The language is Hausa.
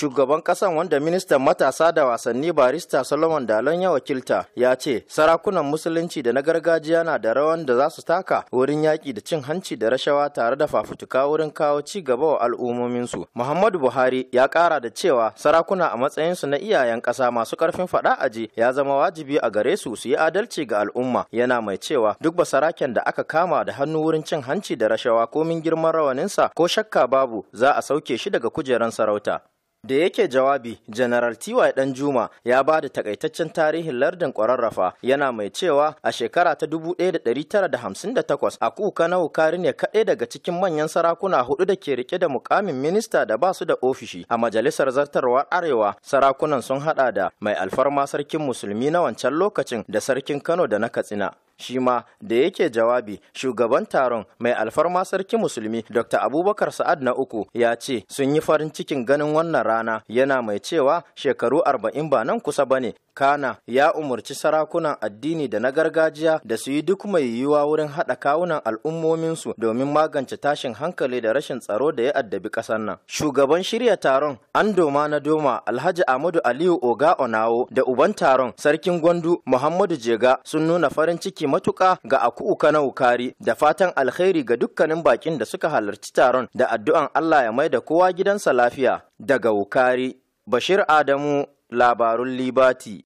shugaban kasan wanda ministan matasa da wasanni barista solomon dalon ya wakilta ya ce sarakunan musulunci da na gargajiya na da rawan da za su taka wurin yaƙi da cin hanci da rashawa tare da fafutuka wurin kawo ci gaba wa al'ummominsu muhammadu buhari ya ƙara da cewa sarakuna a matsayinsu na iyayen ƙasa masu ƙarfin faɗa aji ya zama wajibi a gare su su yi adalci ga al'umma yana mai cewa duk basaraken da aka kama da hannu wurin cin hanci da rashawa komin girman rawaninsa ko shakka babu za a sauke shi daga kujeran sarauta da yake jawabi General Tiwa Danjuma ya ba da takaitaccen tarihin lardin kwararrafa yana mai cewa a shekara ta 1958 kuka na Hukari ne kaɗai daga cikin manyan sarakuna hudu da ke rike da mukamin minista da ba su da ofishi a majalisar zartarwar Arewa sarakunan sun hada da mai alfarma sarkin musulmi na wancan lokacin da sarkin Kano da na Katsina. shi ma da yake jawabi shugaban taron mai alfarma sarki musulmi dr abubakar sa'ad na uku ya ce sun yi farin cikin ganin wannan rana yana mai cewa shekaru arba'in ba nan kusa ba ne kana ya umarci sarakunan addini da na gargajiya da su yi duk mai yiwuwa wurin haɗa kawunan al'ummominsu domin magance tashin hankali da rashin tsaro da ya addabi ƙasar nan shugaban shirya taron an doma na doma alhaji Amadu aliyu oga onawo da uban taron sarkin gwandu muhammadu jega sun nuna farin ciki matuƙa ga Akuuka na Ukari da fatan alkhairi ga dukkanin bakin da suka halarci taron da addu'an Allah ya mai da kowa gidansa lafiya daga Wukari, Bashir Adamu labarun Libati